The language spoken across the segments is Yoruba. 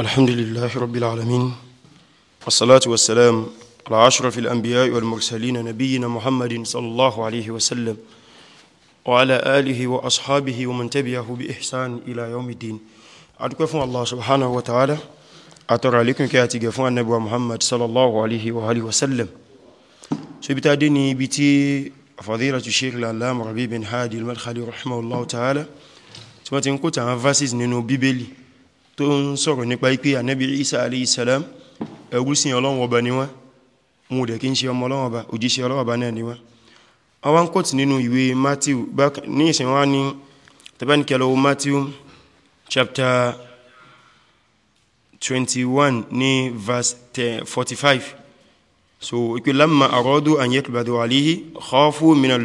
الحمد لله رب العالمين والصلاة والسلام على أشرف الأنبياء والمرسلين نبينا محمد صلى الله عليه وسلم وعلى آله وأصحابه ومن تبعه بإحسان إلى يوم الدين أتكفون الله سبحانه وتعالى أترى لكم كي أتكفون النبي محمد صلى الله عليه وآله وسلم سبت سيبتاديني بتي فضيلة الشيخ العلامة ربي بن هادي المدخلي رحمه الله تعالى تمتنكو تنفاسيز نينو بيبلي tó ń sọ̀rọ̀ nípa ipé ànábì Isa aléìsàlám ẹgbúsìn Ọlọ́run ọba ni wọ́n mú dẹ̀ kí ń ṣe ọmọ Ọlọ́run ọba òjíṣẹ́ Ọlọ́run ọba náà ni wọ́n àwọn kọ́tù nínú ìwé Matthew ní ìsìn wá ní tàbánikẹ́lọ́wọ́ Matthew chapter 21 ní verse 45 so ikú lamma arọ́dú an yẹ́ tàbátò alihi khafu min al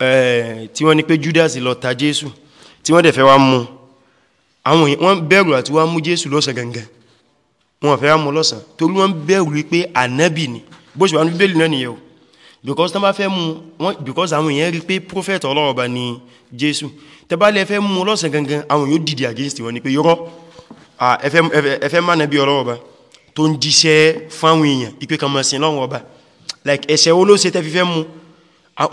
Eh, tí wọ́n ní pé Judas lọ ta Jésù tí wọ́n dẹ̀ fẹ́ wá mú àwọn wọ́n bẹ̀rù àti wá mú Jésù lọ́sàn gangan wọ́n fẹ́ wá mú lọ́sàn torí wọ́n bẹ̀rù wípé ànábì ni bó ṣe wà ní bíbélì náà nìyẹn because tán bá fẹ́ mú wọ́n because àwọn èèyàn rí pé prophet Ọlọ́run bá ní Jésù tẹ́ bá lè fẹ́ mú lọ́sàn gangan àwọn against wọn ni pé yọ́rọ́ ẹfẹ́ má nàbí Ọlọ́run bá tó ń jíṣẹ́ fáwọn èèyàn ìpé kan like ẹ̀ṣẹ̀ wo ló ṣe tẹ́ Ah,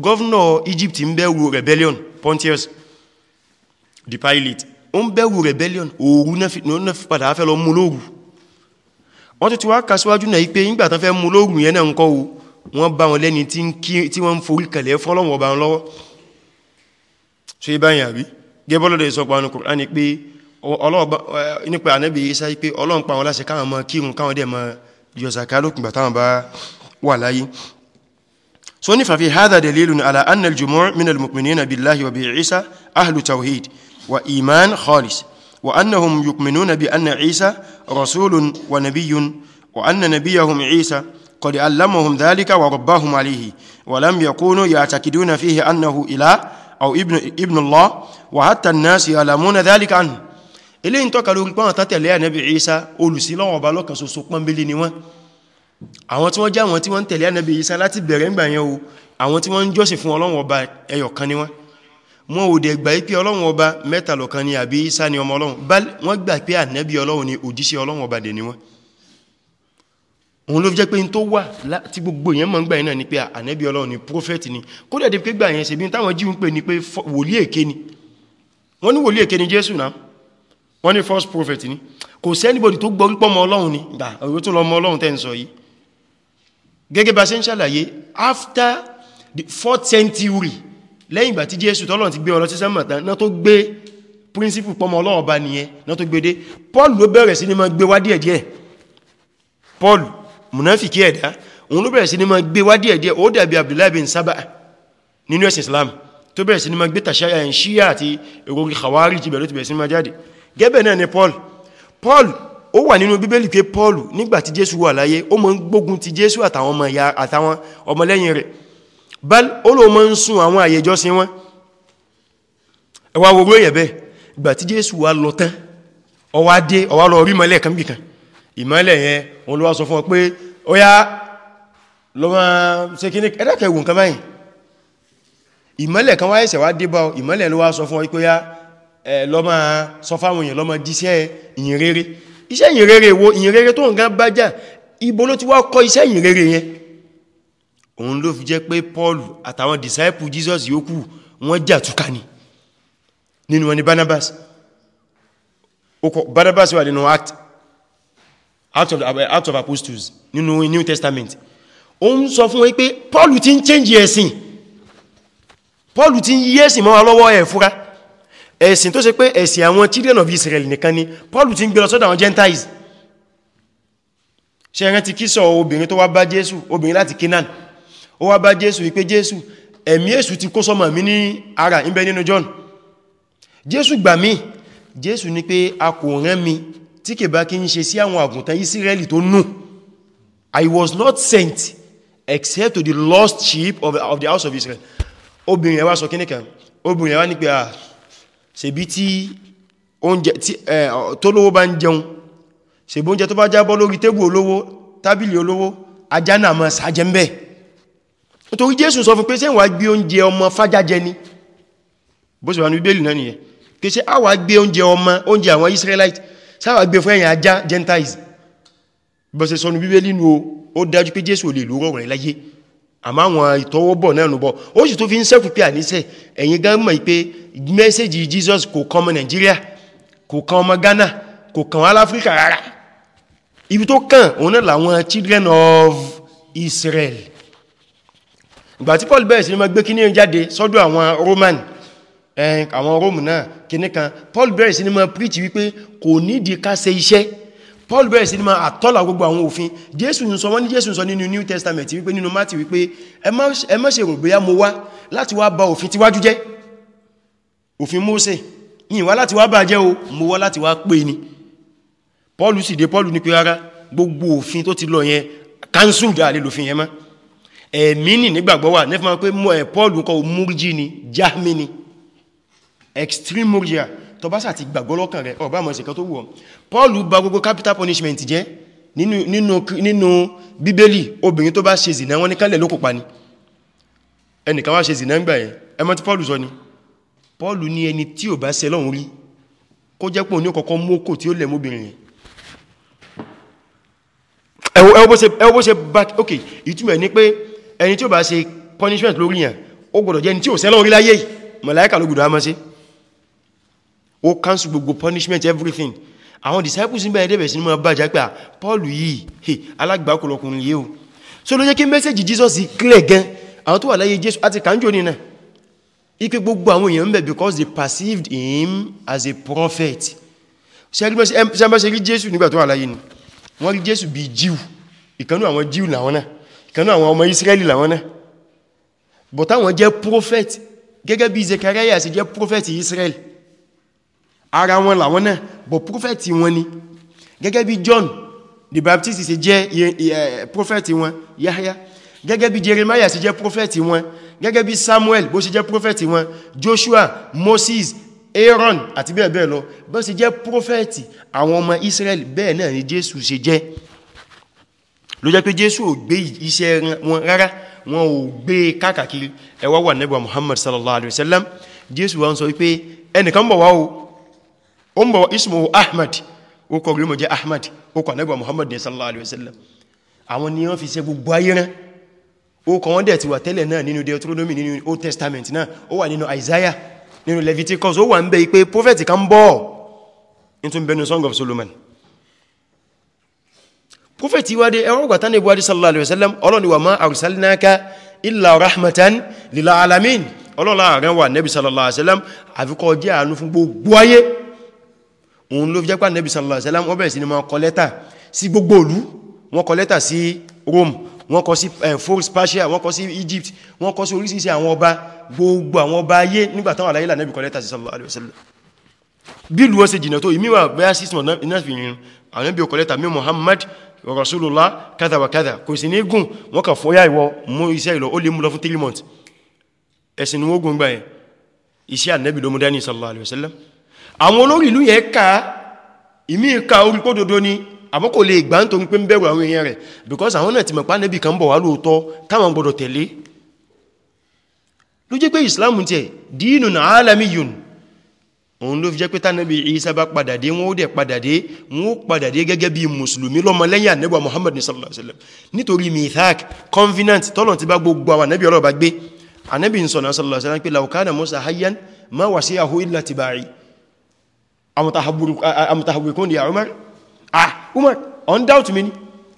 gọ́vnà Egypt ń bẹ̀rù rebellion Pontius the pilot ó ń bẹ̀rù rebellion òru náà fi padà fẹ́ lọ mú lóòrù wọ́n tún ti wá kàṣíwájú náà ipé ìgbà tán fẹ́ mú lóòrù yẹn náà ń kọ́ wọ́n bá wọn lẹ́ni tí wọ́n ń forí kẹlẹ̀ fọ́lọ́wọ́ ọba wọn lọ́wọ́ so ibá yà rí gẹ́bọ́lọ́dẹ̀ sọ pa سوني ففي هذا دليل على أن الجموع من المؤمنين بالله وبعيسى أهل توحيد وإيمان خالص وأنهم يؤمنون بأن عيسى رسول ونبي وأن نبيهم عيسى قد علمهم ذلك ورباهم عليه ولم يكونوا يعتقدون فيه أنه إله أو ابن, ابن الله وحتى الناس يعلمون ذلك عنه إليه انتوك لوريكوان تتلع نبي عيسى أولو سيلا وبالوك سوسوكوان بلينيوان àwọn tí wọ́n jẹ́ àwọn tí wọ́n tẹ̀lé ànábì Ìsá láti bẹ̀rẹ̀ ńgbà yẹn o àwọn tí wọ́n ń jọ́sìn fún ọlọ́run ọba ẹyọ kan ni wọ́n wọn ò dẹ̀ gbà pé ọlọ́run ọba mẹ́ta lọ̀kan ni àbí Ìsá ni ọmọ ọlọ́run bá wọ́n gbà pé ànábì ọlọ́run ni òjíṣẹ́ ọlọ́run ọba dẹ̀ ni wọ́n òun ló fi jẹ́ pé tó wà tí gbogbo èèyàn mọ̀ ń gbà yẹn ni pé ànábì ọlọ́run ni prophet ni kó dẹ̀ di pé gbà yẹn ṣebí táwọn jíun pè ní pé wòlíì èké ni wọ́n ní wòlíì èké ni jésù náà wọ́n ní first prophet ni kò sẹ́nibọ̀dì tó gbọ́ wípọ́ ọmọ ọlọ́run ni gbà òwe tó lọ ọmọ ọlọ́run tẹ́ ń sọ yìí gẹ́gẹ́ bá ṣe ń ṣàlàyé after the fourth century lẹ́yìn ìgbà tí jésù tọ́lọ̀ ti gbé ọlọ́tí sẹ́mọ̀tán náà tó gbé príncipù pọmọ ọlọ́run nìyẹn náà tó gbé dé paul ló bẹ̀rẹ̀ sí ni máa gbé wá díẹ̀díẹ̀ paul munafiki ẹ̀dá òun ló bẹ̀rẹ̀ sí ni máa gbé wá díẹ̀díẹ̀ ó dàbí abdullahi bin islam tó bẹ̀rẹ̀ sí ni máa gbé ti bẹ̀rẹ̀ sí ni máa jáde gẹ́bẹ̀ náà paul ó wà nínú bíbélì pé paul nígbàtí jésù wà láyé ó máa ń gbógun ti jésù àtàwọn ọmọlẹ́yìn rẹ̀ bal ó ló máa ń sun àwọn àyè ìjọsìn wọn ẹ wá wòrò èyẹ̀ bẹ́ẹ̀ ìgbàtí jésù wà lọ tán ó wá dé ó wá lọ rí mọ́lẹ̀ kan bìkan ìmọ́lẹ̀ yẹn wọn ló wá sọ fún ọ pé ó yá lọ́wọ́ ṣe kí ní ẹ̀dàkẹ́ nǹkan báyìí ìmọ́lẹ̀ kan wáyé ṣẹ̀wá dé bá ìmọ́lẹ̀ ló wá sọ fún ọ pé ó yá lọ́mọ sọ fáwọn èèyàn lọ́mọ díṣẹ́ ìyìn rere iṣẹ́ ìyìnrere wo ìyìnrere tó ń gán bá jà ibo ló ti wá kọ́ iṣẹ́ ìyìnrere yẹn òun ló fi jẹ́ pé Paul àtàwọn disciple Jesus yòókù wọ́n jà túká ni nínú wọn ni Barnabas Barnabas wà nínú act act of, act of apostles nínú New Testament ó ń sọ fún wọn pé Paul ti ń change ẹ̀sìn Paul ti ń yí ẹ̀sìn mọ́ wa lọ́wọ́ ẹ̀ fúra ẹ̀sìn tó ṣe pé ẹ̀sìn àwọn children of Israel nìkan ni Paul ti ń gbé lọ sọ́dọ̀ àwọn Gentiles ṣe ẹ̀rẹ́ ti kíṣọ obìnrin tó wá bá Jésù obìnrin láti Canaan ó wá bá Jésù wípé Jésù ẹ̀mí Èṣù ti kó sọ́mọ̀ mi ní ara ìbẹ̀ nínú John Jésù gbà mí Jésù ní pé a kò rán mi tí kè bá kí ń ṣe sí àwọn àgùntàn Israeli tó nù I was not sent except to the lost sheep of the house of Israel obìnrin ẹwà sọ kíníkan obìnrin ẹwà ní pé ah ṣebí tí oúnjẹ tí tó lówó bá ń jẹun ṣebí oúnjẹ tó bá jábọ́ lórí tébù olówó tábìlì olówó ajá náà mọ́ sàájẹ́ ń bẹ́ nítorí Jésù sọ fún pé ṣé gbé oúnjẹ ọmọ fájájẹ ni bó ṣe wà ní Bíbélì náà nìyẹn pé ṣé àwà gbé oúnjẹ ọmọ oúnjẹ àwọn Israelite sáwà gbé fún ẹ̀yìn ajá Gentiles bó ṣe sọ ní Bíbélì nù ó dájú pé Jésù ò lè lórọ̀ rẹ̀ láyé àmá àwọn ìtọwọ́bọ̀ náà nùbọ̀ ó sì tó fi ń sẹ́kù pé àníṣẹ́ ẹ̀yin gan mọ̀ pé mẹ́sẹ̀jì Jesus kò kan ọmọ Nàìjíríà kò kan ọmọ Ghana kò kan aláfríkà rárá ibi tó kàn òun náà làwọn children of Israel ìgbà tí Paul bẹ̀rẹ̀ sí ní máa gbé kíní jáde sọ́dọ̀ àwọn Roman eh, àwọn Rome náà kíní kan Paul bẹ̀rẹ̀ sí ní máa preach wípé kò nídìí ká ṣe iṣẹ́ paul bẹ̀rẹ̀ sí ní máa àtọ́là gbogbo àwọn òfin jésù ń sọ wọ́n ní jésù ń sọ nínú new testament wípé nínú mati wípé ẹ má ṣe rùn bóyá mo wá láti wá bà òfin tíwájú jẹ́ òfin Mósè ní ìwá láti wá bà jẹ́ o mo wá láti wá pè ní paul sì dé paul ní pé rárá gbogbo òfin tó ti lọ yẹn cancel dà lè lòfin yẹn mọ́ ẹ̀mí nì nígbàgbọ́ wà nẹ́fẹ́ pé paul ń kọ murji ni jahmi extreme murji tó bá sàti gbàgbọ́ lọ́kàn rẹ̀ ọ̀bá mọ̀ ìṣẹ̀kan tó wù ọ́ Paul gbogbo capital punishment jẹ́ nínú bíbélì obìnrin tó bá ṣe zìnà wọ́n ní kánlẹ̀ lókò pa ni ẹnìkan wá ṣe zìnà ń gbà ẹ̀ ẹmọ́ tí Paul sọ ni Paul ní ẹni tí ò bá ṣe lọ́hun rí kó jẹ́ pọ̀ ní ọkọ̀ọ̀kan mú okò tí ó lẹ̀ móbìnrin yẹn ẹwọ́ bó punishment lórí yẹn ó gbọ́dọ̀ jẹ́ ẹni tí ò ṣe lọ́hun rí ó cancel gbogbo punishment everything àwọn disciples ń bẹ̀rẹ̀ dẹ̀bẹ̀ sí ní mọ́ bàjá pé à Paul yìí hey alágbàkùlọkùnrin yìí o so ló jẹ́ kí mẹ́sẹ̀jì Jesus clear gan àwọn tó wà láyé Jésù àti kàńjò nínà ike gbogbo àwọn èèyàn ń because they perceived him as a prophet sẹ́gbẹ́sẹ̀ rí Jésù nígbà tó wà láyé ni wọ́n rí Jésù bí Jíù ìkanú àwọn Jíù làwọn náà ìkanú àwọn ọmọ Israeli làwọn náà but àwọn jẹ́ prophet gẹ́gẹ́ bí Zechariah sì jẹ́ Israel ara wọn làwọn náà bọ̀ prófẹ́tì wọn ni gẹ́gẹ́ bí John the Baptist ṣe jẹ́ prófẹ́tì wọn Yahya gẹ́gẹ́ bí Jeremiah ṣe jẹ́ prófẹ́tì wọn gẹ́gẹ́ bí Samuel bó ṣe jẹ́ prófẹ́tì wọn Joshua Moses Aaron àti bẹ́ẹ̀ bẹ́ẹ̀ lọ bó ṣe jẹ́ prófẹ́tì àwọn ọmọ Israel bẹ́ẹ̀ náà ni Jésù ṣe jẹ́ ló jẹ́ pé Jésù ò gbé iṣẹ́ wọn rárá wọn ò gbé e káàkiri ẹwà wà nẹ́bà Muhammad sallallahu alaihi wasallam Jésù wá ń sọ wípé ẹnìkan bọ̀ wá o ó ń bọ̀ ismuhu ahmad ó kọ̀ grímọ̀ jẹ́ ahmad ó kọ̀ anẹ́gbà muhammad ní sallallahu alaihi wasallam àwọn ni wọ́n fi ṣe gbogbo ayé rán ó wọ́n dẹ̀ ti wà tẹ́lẹ̀ náà nínú deuteronomy nínú old testament náà ó wà nínú isaiah nínú leviticus ó wà ń bẹ pé prophet kan bọ̀ nítorí bẹnu song of solomon prophet wá dé ẹwọ́n jẹ́ àánú fún gbogbo ayé òun ló fi jẹ́pà nẹ́bí sallallahu alaihi wasallam wọ́n bẹ̀rẹ̀ sí ni wọ́n kọ lẹ́tà sí gbogbo ìlú wọ́n Rome wọ́n kọ sí eh, force Persia wọ́n kọ sí Egypt wọ́n kọ sí oríṣiríṣi àwọn ọba gbogbo àwọn ọba ayé nígbà táwọn aláyé lànẹ́bí kọ lẹ́tà sí sallallahu alaihi wasallam bí ìlú wọ́n ṣe jìnà tó ìmíwà bẹ́yà sí ìsìnà iná fi rìn àwọn ibi ọkọ̀lẹ́ta mi Muhammad Rasulullah kádà wà kádà kò sí ní gùn wọ́n kà fọ́yá ìwọ mú iṣẹ́ ìlọ ó lè mú lọ fún 3 months ẹ̀sìn ni wọ́n gùn gbáyẹ̀ iṣẹ́ ànẹ́bì ló mú dání sallallahu alaihi wasallam àwọn olórí ìlú yẹn ká ìmí ká orí kó dodo ni àmọ́ kò lè gbà ń torí pé ń bẹ̀rù àwọn èèyàn rẹ̀ because àwọn náà ti mọ̀ pé Ànábì kan bọ̀ wá lóòótọ́ táwọn gbọdọ̀ tẹ̀lé ló jẹ́ pé Islam tiẹ̀ dinun alamiyun òun ló fi jẹ́ pé tánàbí Isa bá padà dé wọ́n ó dẹ̀ padà dé wọ́n ó padà dé gẹ́gẹ́ bí mùsùlùmí lọ́mọ lẹ́yìn ànẹ́gbà Muhammad sallallahu alaihi wasallam nítorí mithaq covenant tọ́lọ̀ ti bá gbogbo àwọn ànẹ́bí ọlọ́ bá gbé ànẹ́bí sọ̀nà sallallahu alaihi wasallam pé law kana Musa hayyan ma wasi'ahu illa tiba'i àmùtàhàwìkún ni àrùmar ah umar on doubt me ni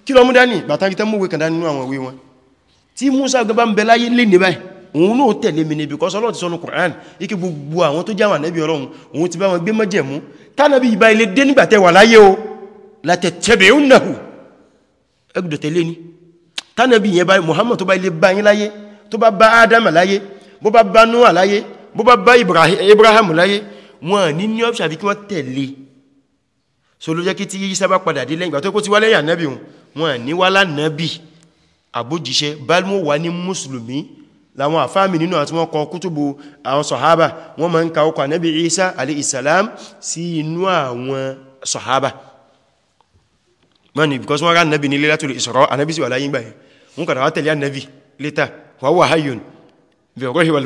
kí lọ mú dání bàtàkì tẹ́ múwé kàndá nínú àwọn ìwé wọn tí musa gbaba ń bẹ láyé lè ní báyìí òun náà tẹ̀lé mi ni because Ọlọ́run ti sọ ní Qur'an ike gbogbo àwọn tó jáwọn ànábì Ọlọ́run òun ti bá wọn gbé májẹ̀mú tánàbí ìbá ilé dé nígbà tẹ́ wà láyé o látẹ̀tẹ̀bẹ̀ ó nàhù ẹgbùdọ̀ tẹ̀lé ni tánàbí yẹn bá Muhammad tó bá ilé bá yín láyé tó bá bá Adam láyé bó bá bá Noah láyé bó bá bá Ibrahim láyé wọn ní ní option àfi kí wọ́n tẹ̀lé so ló jẹ́ kí tí Ìsá bá padà dé lẹ́yìn ìgbà tó kó ti wá lẹ́yìn ànábì wọn ní wá lánàábì àbójíṣẹ́ balmo wà ní mùsùlùmí láwọn àfáàmì nínú àti wọn kọ kútùbù àwọn sọ̀hábà wọ́n ma ń ka ọkọ̀ ànábì Ìsá alaihissalam sí inú àwọn sọ̀hábà mọ́ni because wọ́n rá ànábì ní Lailatul Isra ànábì sí wà láyé gbáyé wọ́n kàdà wá tẹ̀lé ànábì later wà wà hayyun bi ruhi wal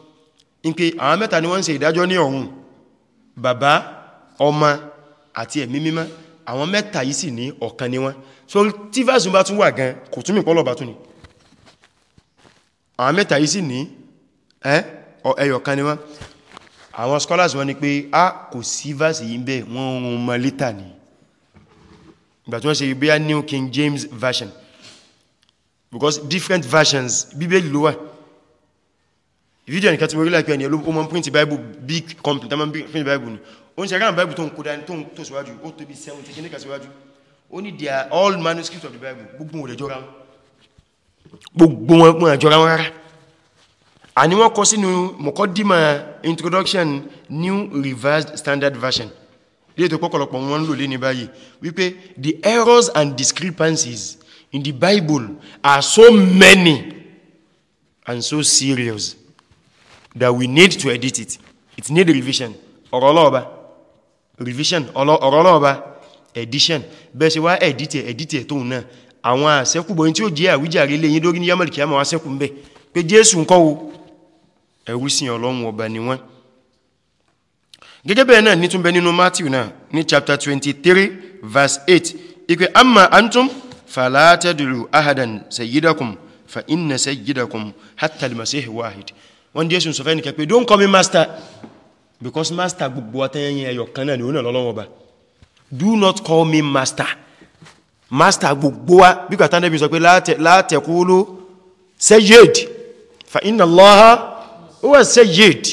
ní pé àwọn mẹ́ta ni wọ́n ń ṣe ìdájọ́ ní ọ̀run bàbá ọmọ àti ẹ̀mí mímọ́ àwọn mẹ́ta yìí sì ní ọ̀kan ni wọ́n so tí fásitì bá tún wà gan kò tún mì pọ́lọ̀ bá tún ni àwọn mẹ́ta yìí sì ní ẹyọ̀kan ni wọ́n àwọn scholars wọ́n ní pé a ah, kò sí fásitì yìí bẹ́ẹ̀ wọ́n rún mọ́ lítà ní ìgbà tí wọ́n ṣe bí New King James Version because different versions bíbélì ló wà video nìkan tí mo rí láìpẹ́ ni ó mọ́ print bible big complete mọ́ print bible ni ó ń ṣe aráàmù bible tó ń kó dání tó ń tó síwájú ó tóbi 70 kìníkà síwájú ó ní they are all manuscripts of the bible gbogbo wọn ò jọra gbogbo wọn pọ̀ jọra wọn rárá àní wọ́n kọ sínú mọ̀kọ́dímà introduction new revised standard version ilé ètò pọ́pọ̀lọpọ̀ wọn ń lò lé ní báyìí wípé the errors and discrepancies in the bible are so many and so serious that we need to edit it it needs revision ọ̀rọ̀ ọlọ́ọ̀ba revision ọ̀rọ̀ ọlọ́ọ̀ba edition bẹ́ẹ̀ ṣe wá edit ẹ̀ edit ẹ̀ tóun náà àwọn àṣẹ́kùbọ̀ tí ó jẹ́ àwíjàre lè yín lórí ní yamal kiyama wọn àṣẹ́kù ń bẹ̀ pé jésù ń kọ́wọ́ ẹ̀rú sí ọlọ́run ọba ni wọ́n gẹ́gẹ́ bẹ́ẹ̀ náà nítúnbẹ nínú matthew náà ní chapter 23 verse 8 ìpé amma antum falatadulu ahadan sayyidakum fa inna sayyidakum hatta al wahid wọ́n jésù sọ fẹ́ nìkẹ́ pé don't call me master because master gbogbo atẹ́yẹn ẹyọ kan náà ni ó náà lọ́lọ́wọ́ bá do not call me master master gbogbo wa bí kàtà nẹ́bí sọ pé la taqulu sayyid fa inna Allaha huwa sayyid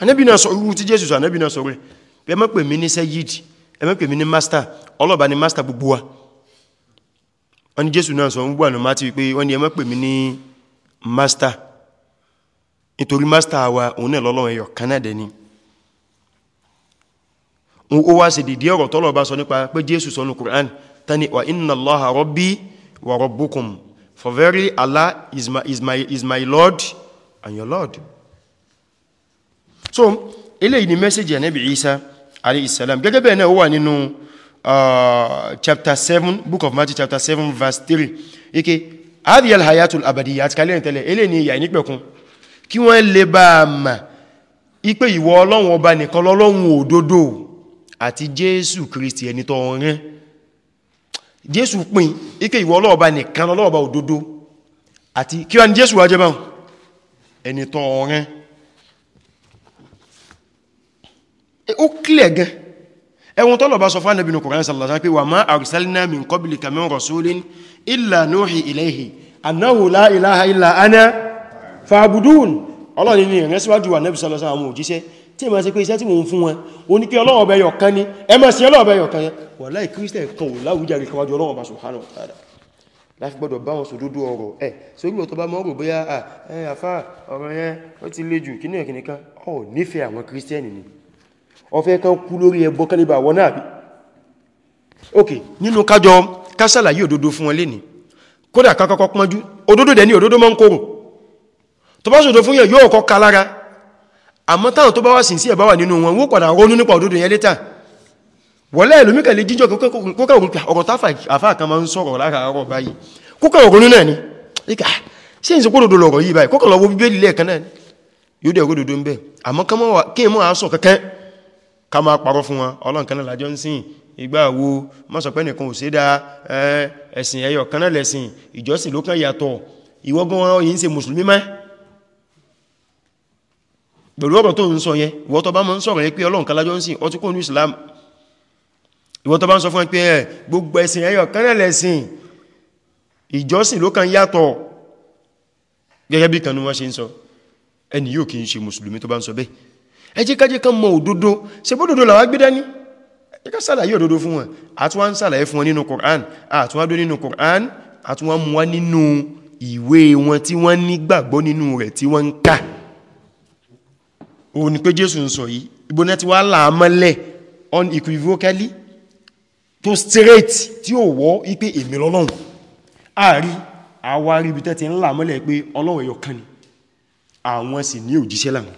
anẹ́bí náà sọ̀rọ̀ tí jésù sọ anẹ́bí náà sọ̀rọ̀ ẹ má pè mí ní sayyid ẹ má pè mí ní master ọlọ́ba ni master gbogbo wa wọ́n ni jésù náà sọ ń gbọ́ ànà má ti wípé wọ́n ni ẹ má pè mí ní master nítorí mástà wa òun náà lọ́lọ́run ẹyọ kanádẹ ni ó wá sí dìdí ọ̀rọ̀ tọ́lọ̀ bá sọ nípa pé Jésù sọ ní Qur'an tani wa inna Allaha rabbi wa rabbukum for very Allah is my, is my, is my Lord and your Lord so eléyìí ni mẹ́sẹ̀jì Ànábì Isa alayhisalam gẹ́gẹ́ bẹ́ẹ̀ náà ó wà nínú uh, chapter 7 book of Matthew chapter 7 verse 3 ike adiyal hayatul abadiyya àti kalẹ́ ìtẹ́lẹ̀ eléyìí ni ìyà ìnípẹ̀kún kí wọ́n lè bá a mà ipé ìwọ ọlọ́run ọba nìkan lọ́lọ́run òdodo àti jésù kristi ẹni tó rán jésù pín ipé ìwọ ọlọ́run ọba nìkan lọ́lọ́run ọba òdodo àti kí wọ́n ni jésù wá jẹ́ báun ẹni tó rán ó kílẹ̀ gan ẹwọ́n tọ́lọ̀ bá sọ fún kòrán sàlàsá pé wà máa arsalna min qablika min rasulin illa nuhi ilayhi annahu la ilaha illa ana fàbùdún ọlọ́ni ní ìrìn síwájú wà nẹ́bí sọ́lọ́sọ́ àwọn òjíṣẹ́ tí ma ṣe pé iṣẹ́ tí mo ń fún wọn o ní kí Ọlọ́run bẹ yọ̀kan ní ẹmọ̀ sí Ọlọ́run bẹ yọ̀kan yẹn wà láì kírísítẹ̀ kan ò láwùjáre kọwàjú Ọlọ́run bá sùhánà tààdà láti gbọ́dọ̀ bá wọn sòdódó ọ̀rọ̀ ẹ̀ sórí ọ̀tọ́ bá mọ́rò bóyá àfá ọ̀rọ̀ yẹn ó ti le jù kínú ẹ̀kìnì kan ọ̀ nífẹ̀ẹ́ àwọn kírísítẹ́nì ni ọ̀fẹ́ kan kú lórí ẹbọ kan níbà wọn náà bí ok nínú kájọ kásàlàyé òdodo fún wọn lénìí kódà kákọ́kọ́ pọ́njú òdodo dẹ̀ ní òdodo mọ́ ń kórùn tó bá ṣòdó fún yẹ yóò kọ́ ká lára àmọ́ táwọn tó bá wá sincere bá wà nínú wọn wó padà ronú nípa òdodo yẹn létà wọ́lẹ̀ ìlúmíkà lè jíjọ kókà òun ọ̀rọ̀ táfà àfáà kan máa ń sọ̀rọ̀ lára ọ̀rọ̀ báyìí kókà òun náà ni ìkà sí ìsìnkú òdodo lọ̀rọ̀ yìí báyìí kókà lọ́wọ́ bíbélì lẹ́ẹ̀kan náà ni yóò dẹ̀ òdodo ń bẹ àmọ́ kí mọ́ àásọ̀ kankan ká máa parọ́ fún wọn ọlọ́nkan náà lájọ́ ń sìn ìgbà wo kan náà lẹ̀sìn ìjọsìn ló kan yàtọ̀ ìwọ́gbọ́n wọn pẹ̀lú ọ̀rọ̀ tó ń sọ yẹn ìwọ́n tó bá mọ́ ń sọ̀rọ̀ yẹn pé ọlọ́run kalájọ́ ń sìn kó ní Islam ìwọ́n tó bá ń sọ fún ẹ pé ẹ gbogbo ẹ̀sìn ẹyọ kánẹ̀lẹ̀sìn ìjọsìn ló kan yàtọ̀ gẹ́gẹ́ bí kanú wọ́n ṣe ń sọ ẹni yóò kí ń ṣe mùsùlùmí tó bá ń sọ bẹ́ẹ̀ ẹ jẹ́ ká jẹ́ kan mọ òdodo ṣe bó dodo làwá gbé dání ẹ ká sàlàyé òdodo fún wọn àtúwá ń sàlàyé fún ìwé wọn tí wọ́n nígbàgbọ́ nínú rẹ̀ tí wọ́n ń kà òun ni pé Jésù ń sọ yìí ìbónẹ́ ti wá láàmọ́lẹ̀ unequivocally tó straight tí ó wọ́ ipé èmi lọ́lọ́run àárí àwárí ibi tẹ́ ti ń láàmọ́lẹ̀ pé Ọlọ́run ẹyọ kan ni àwọn sì ní òjíṣẹ́ láwọn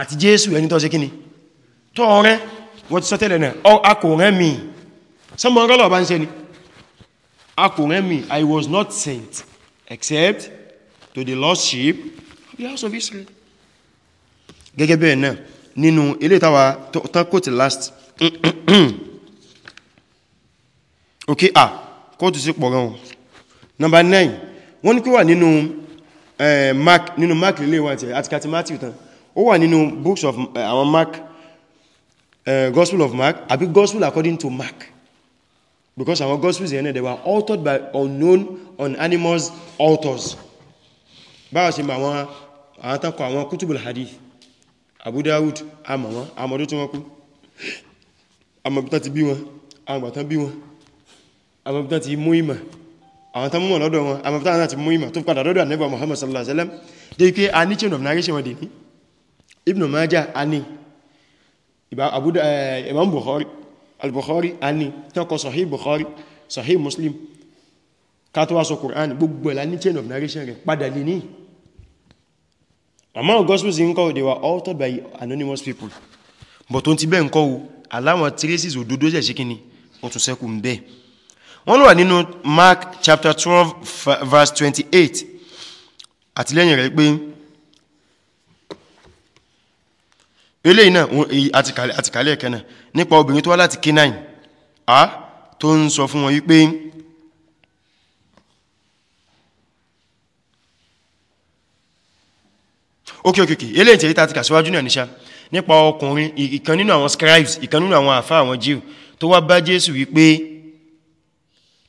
àti Jésù ẹni tó ṣe kíni tó ọ̀rẹ́ wọ́n ti sọ́tẹ̀lẹ̀ náà akòrẹ́ mi sọmọ ọgọ́lọ̀ bá ń ṣe ni akòrẹ́ mi I was not sent except to the lost sheep of the house of Israel gẹ́gẹ́ bẹ́ẹ̀ náà nínú ilé ìtawà tankoti last ok a kóòtù sí pọ̀ gan number nine. wọ́n ní kí wà nínú eh, mark nínú mark lè wà tí àti kàtí matthew tán ó wà nínú books of eh, àwọn mark eh, gospel of mark àbí gospel according to mark because our gospels yẹn they were altered by unknown unanimous authors báwọn ṣe ma àwọn àtàkọ àwọn kútùbùl hadith Abu Dawud àmọ́ wọn àmọ́dún tí wọ́n kú àmọ́bítán ti bí wọn àgbàtán bí wọn àmọ́bítán ti mú ìmọ̀ àwọn tán mọ̀ lọ́dọ̀ wọn àmọ́bítán náà ti mú ìmọ̀ tó padà lọ́dọ̀ ànẹ́bà Muhammad sallallahu alaihi wasallam dé pé a ní chain of narration wọn dè Ibn Majah a ní eh, Imam Bukhari al-Bukhari a ní tọ́kọ Sahih Bukhari Sahih Muslim ká tó wá sọ Qur'an gbogbo ẹ̀ la ní chain of narration rẹ̀ among gospels in call they were altered by anonymous people but on ti bẹ́ẹ̀ ńkọ́ o aláwọn traces òdodo jẹ́ ṣíkíní wọ́n tún sẹ́kù ń bẹ́ wọ́n ló wà nínú Mark chapter 12 verse 28 àti lẹ́yìn rẹ̀ pé eléyìí náà àti kàlẹ̀ ẹ̀kẹ́ náà nípa obìnrin tó wá láti K9 a tó ń sọ fún wọn wípé ok ok ok eléyìí tẹ̀yí tàti kàṣíwájú náà níṣà nípa ọkùnrin ìkan nínú àwọn scribes ìkan nínú àwọn àfá àwọn Jew tó wá bá Jésù wípé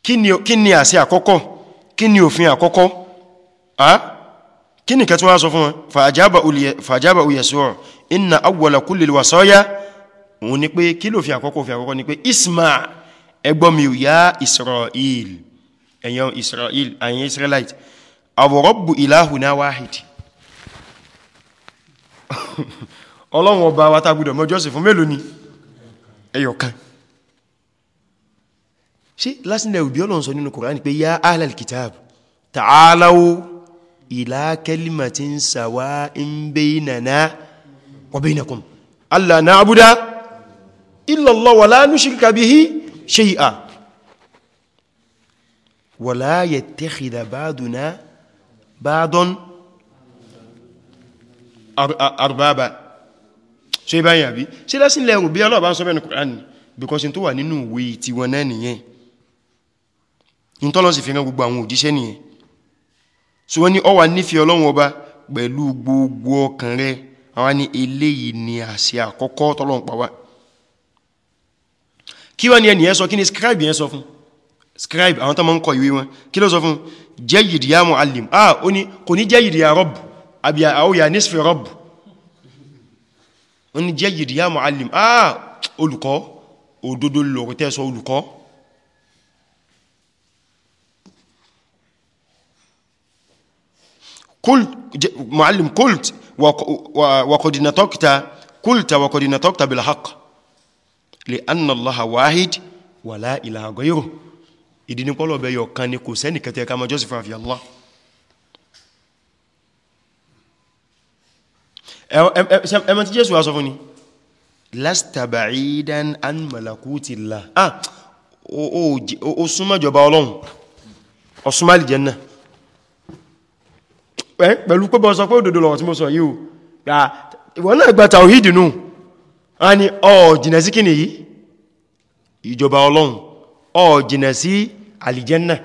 kí ni àṣẹ àkọ́kọ́ kí ni òfin àkọ́kọ́ ah kí ni kẹtù wá sọ fún wọn fàjábà òyẹ̀sọ́ inna awwala kulli wasaya òun ni pé kí lòfin àkọ́kọ́ òfin àkọ́kọ́ ọlọ́run ọba wa tágbùdọ̀ mọ́jọ́sìn fún mélòó ni ẹyọkan ṣe lásìlẹ̀ òbí ọlọ́run sọ nínú Kùránì pé yá ahlal kitab ta'alaw ila kalimatin sawa'in baynana wa baynakum alla na'buda illa Allah wa la nushrika bihi shay'a wa la yattakhidha ba'duna ba'dan arbaba ṣe báyìí àbí ṣe lẹ́sìn lẹ́rùn bí ọlọ́ọ̀bá ń sọ bẹ́ẹ̀ Kùránì because in tó wà nínú ìwé tí wọn náà nìyẹn in tọ́lọ́ sì fi rán gbogbo àwọn òjíṣẹ́ nìyẹn so wọ́n ní ó wà nífẹ̀ẹ́ Ọlọ́run ọba pẹ̀lú gbogbo ọkàn rẹ àwọn ni eléyìí ni àṣẹ àkọ́kọ́ tọ́lọ́run pa ni scribe yẹn sọ fún scribe àwọn tó máa ń kọ ìwé wọn kí ló ah ó ní kò ní àbí àwọn ya nisfi rabb wọ́n ni jayyid ya muallim ah olùkọ́ òdodo lòrò tẹ́sọ olùkọ́ muallim kult wa qad nataqta kulta wa qad nataqta bil haqq li anna allaha wahid wa la ilaha ghayruh ìdí ni pọ́lọ̀ bẹ̀yọ̀ kan ni kò sẹ́nìkẹtẹ̀ ká mọ́ jọ́sífà fi Allah ẹmọ tí jésù wá sọ fún ni lasta ba'idan an malakutillah ah o súnmọ́ ìjọba ọlọ́run o súnmọ́ aljanna pẹ̀lú pẹ́bọ̀ sọ pé òdòdó lọ́wọ́ tí mo sọ yíò wọ́n náà gba tàwíìdì nù a ni ọ jìnà sí kíni yìí ìjọba ọlọ́run ọ jìnà sí aljanna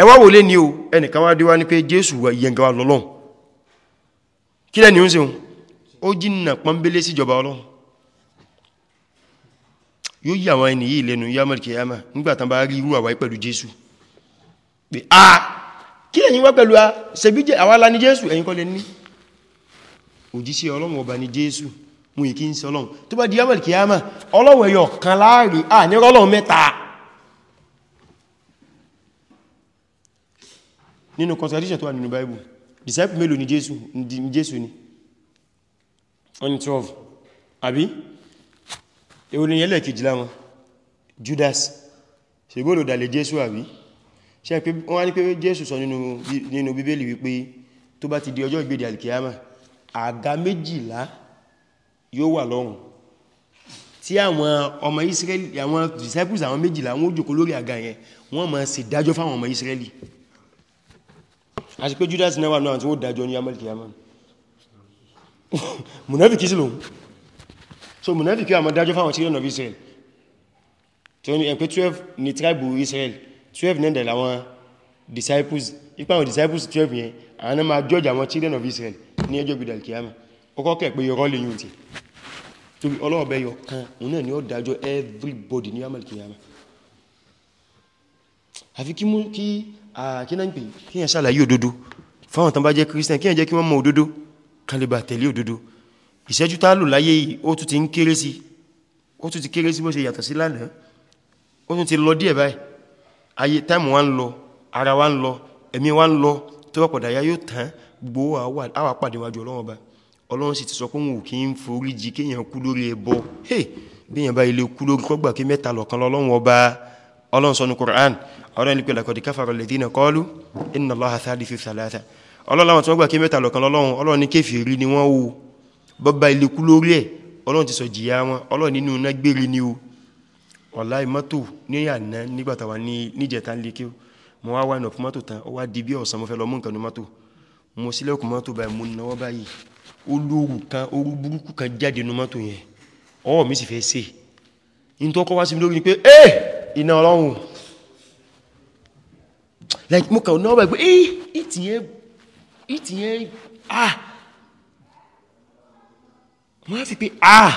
ẹwà wòlé ni o ẹnìkan wá díwá ní pé jésù yẹngawa lọ́lọ́run kí lẹ́ni ó ń ṣeun ó jìnnà pọ́nbélé síjọba ọlọ́run yóò yí àwọn ẹni yìí lẹ́nu yamal kiyama nígbàtán bá rí irú àwáyé pẹ̀lú jésù pé a kí ẹ̀yin wá pẹ̀lú a ṣebí jẹ́ àwálá ní jésù ẹ̀yin kọ́ lẹ ní òjíṣẹ́ ọlọ́run ọba ní jésù mú ìkí ń sọ ọlọ́run tó bá di yamal ọlọ́run ẹ̀yọ kan láàrí ni jésù ni on 12 àbí èwo ni yẹ́lẹ̀ kejìlá wọn Judas ṣe gbọ́lò dàlẹ̀ Jésù àbí ṣe pé wọ́n wá ní pé Jésù sọ nínú Bíbélì wípé tó bá ti di ọjọ́ ìgbèdè alkiyama àga méjìlá yóò wà lọ́run tí àwọn ọmọ Israeli àwọn disciples àwọn méjìlá wọ́n jòkó lórí àga yẹn wọ́n máa sì dájọ́ fáwọn ọmọ Israeli àti pé Judas náà wà náà tí wọ́n dájọ́ ní amalkiyama ni munafiki sí lòun so munafiki àmọ́ dájọ́ fáwọn children of Israel tí ó ní ẹ̀pẹ́ 12 ní tribe Israel 12 nẹ́ndẹ̀ láwọn disciples ipa àwọn disciples 12 yẹn àwọn máa judge àwọn children of Israel ní ẹjọ́ gbìdà kìíyàmù ọkọ́ kẹ́ pé yọrọ lè yùn tí torí ọlọ́ọ̀bẹ yọ kan òun náà ni ó dájọ́ everybody ní amal kìíyàmù àfi kí mú kí àkínáǹpì kí yẹn ṣàlàyé òdodo fáwọn tán bá jẹ́ Christian kí yẹn jẹ́ kí wọ́n mọ òdodo kalibà tẹ̀lé òdodo ìṣẹ́jú tá lò láyé yìí ó tún ti ń kéré sí ó tún ti kéré sí bó ṣe yàtọ̀ sí lánàá ó tún ti lọ díẹ̀ báyìí ayé táìmù wa ń lọ ara wa ń lọ ẹ̀mí wa ń lọ tó bá padà yá yóò tán gbogbo àwà pàdé wájú ọlọ́run ọba ọlọ́run sì ti sọ pé òun kì í forí jì kéèyàn kú lórí ẹbọ ọlọ́láwọn tí wọ́n gbà kí mẹ́ta lọ̀kan lọ́lọ́run ọlọ́run ní kéfèrí ni wọ́n o bọ́bá ilé kú lórí ẹ̀ ọlọ́run ti sọ jìyà wọn ọlọ́run nínú iná gbére ni o ọ̀lá ìmọ́tò ní àná nígbàtàwà níjẹta ń lékí mo wá wà nọ̀pù mọ́tò tán ó wá di bí ọ̀sán mo fẹ́ lọ mú nǹkan ni pé eh iná ọlọ́run like mo kàn náwọ́ báyìí pé eh ìtìyẹn ìtìyẹ ah wọ́n á fi pé ah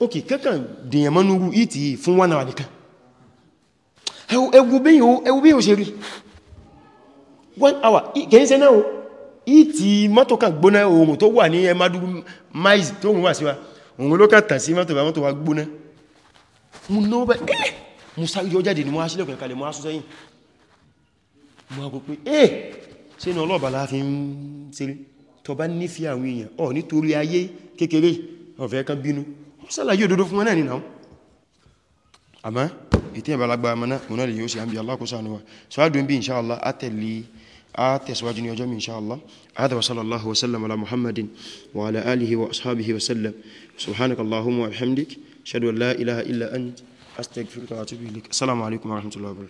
ok kankan dèyàn mọ́ núrú ìtì fún wánàwà nìkan ẹwù bí yíò ṣe rí one hour kẹ́yìn sẹ́ náà ìtì mọ́tò kan gbóná oòrùn tó wà ní ẹmàdúrú miles tó wà síwá òun ló kàtà sí mọ́tò bá mọ́tò wà gbóná mú náà bẹ́ ẹ́ eh! mú sáré yọ jáde ni mọ́ ṣe ní ọlọ́ọ̀bà láàfin ń ṣeré tó bá nífẹ́ àwọn èèyàn ọ̀ nítorí ayé kékeré ọ̀fẹ́ kan bínú sálàyé òdodo fún wọn náà nìna àmá ìtí ìbálagba mọ́nà lè yóò sí àmì alákòsánú wa sọ́ádùn bí inṣáàlá átẹ̀lé átẹ̀síwájú ní ọjọ́ mi inṣáàlá átẹ̀wà sallallahu wasallam ala muhammadin wa ala alihi wa ashabihi wasallam subhanakallahumma wa bihamdik shadu la ilaha illa ant astaghfiruka wa atubu ilaik assalamu alaikum wa